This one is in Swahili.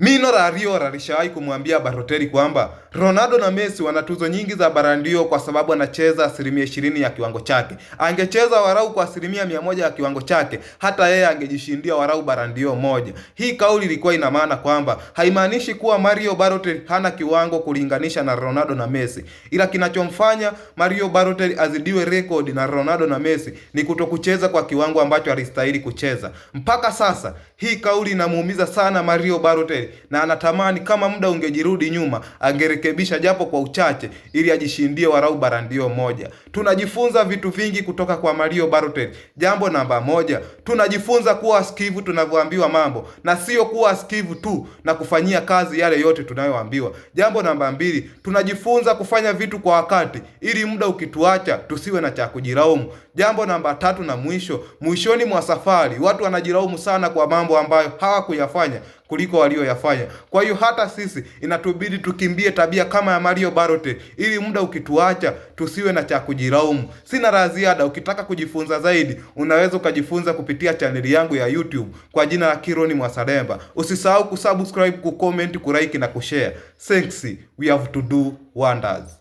Mino Raiola lishawahi kumwambia Balotelli kwamba Ronaldo na Messi wana tuzo nyingi za Ballon d'Or kwa sababu anacheza asilimia ishirini ya kiwango chake. Angecheza warau kwa asilimia mia ya kiwango chake, hata yeye angejishindia warau Ballon d'Or moja. Hii kauli ilikuwa ina maana kwamba haimaanishi kuwa Mario Balotelli hana kiwango kulinganisha na Ronaldo na Messi, ila kinachomfanya Mario Balotelli azidiwe rekodi na Ronaldo na Messi ni kutokucheza kwa kiwango ambacho alistahili kucheza mpaka sasa. Hii kauli inamuumiza sana Mario Balotelli na anatamani kama muda ungejirudi nyuma angerekebisha japo kwa uchache, ili ajishindie warau barandio moja. Tunajifunza vitu vingi kutoka kwa Mario Balotelli. Jambo namba moja, tunajifunza kuwa asikivu tunavyoambiwa mambo, na sio kuwa asikivu tu na kufanyia kazi yale yote tunayoambiwa. Jambo namba mbili, tunajifunza kufanya vitu kwa wakati, ili muda ukituacha tusiwe na cha kujiraumu. Jambo namba tatu na mwisho, mwishoni mwa safari watu wanajiraumu sana kwa mambo ambayo hawakuyafanya kuliko walioyafanya. Kwa hiyo hata sisi inatubidi tukimbie tabia kama ya Mario Barote, ili muda ukituacha tusiwe na cha kujilaumu. Sina la ziada. Ukitaka kujifunza zaidi, unaweza ukajifunza kupitia chaneli yangu ya YouTube kwa jina la kironi Mwasalemba. Usisahau kusubscribe, kucomment, kuraiki na kushare. Thanks, we have to do wonders.